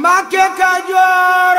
Mbàkke Kajoor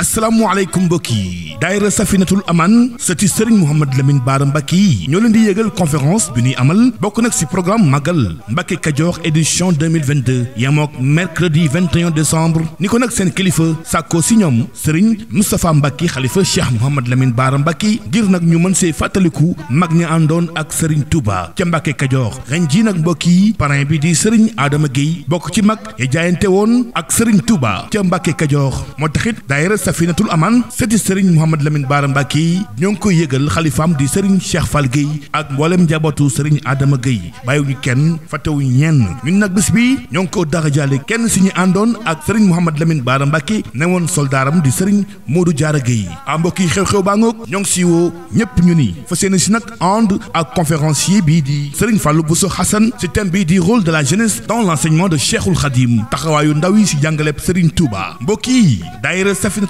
asalaamualeykum mbokk yi daayira safinatul aman sëti sëriñ Mouhamad Lamine Baara Mbacke yi ñoo leen di yëgal conférence bi ñuy amal bokk nag ci programme Magal Mbacke Kajoor édition 2022 yemook mercredi 21 décembre ni ko nag seen kilifa sàkkoo si ñoom sëriñ Moustapha Mbacke xalifa Cheikh Mouhamad Lamine Baara Mbacke ngir nag ñu mën see fàttaliku mag ñi àndoon ak sëriñ Touba ca Mbacke Kajoor ren jii nag mbokk yi parrain bi di sëriñ aadama Guèye bokk ci mag ya jaayante woon ak sëriñ Touba ca Mbacke Kajoor moo taxit safinatul aman sëti sëriñ Mouhamed Lamine Bara Mbacké yi ñoo ngi koy yëgal xalifaam di sëriñ Cheikh Fall Guèye ak mboolem njabootu sëriñ Adama Guèye bàyyiwuñu kenn fàttewuñu ñenn ñun nag bis bi ñoo ngi ko dara jaale kenn si ñu àndoon ak sëriñ Mouhamed Lamine Bara Mbacké newoon soldaaram di sëriñ Modou Diarra Guèye a mbokk yi xew-xew baa ngoog ñoo ngi si woo ñëpp ñu ni fa seen si nag ànd ak conférencier bii di sëriñ Fallou Bousso Hassan si thème bii di rôle de la jeunesse dans l'enseignement de Cheikhul Khadim taxawaayu ndaw yi si jàngaleb sëriñ Touba mbokk yi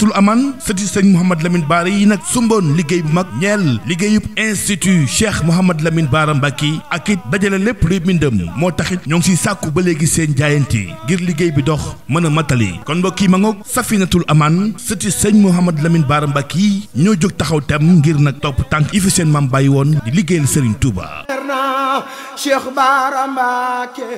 Abdoul Aman sëti sëñ Mouhamad Lamine Baara yi liggéey bu mag ñeel liggéeyub institut Cheikh Mouhamad Lamine Baara Mbacke ak it dajale lépp luy bindam moo taxit ñoo ngi siy sàkku ba léegi seen jaayante ngir liggéey bi dox mën a matali kon mbokk yi ma ngoog Safinatul Aman sëti sëñ Mouhamad Lamine Baara Mbacke yi ñoo jóg taxaw tem ngir nag topp tànk yi fi seen maam bàyyi woon di liggéeyal Serigne Touba.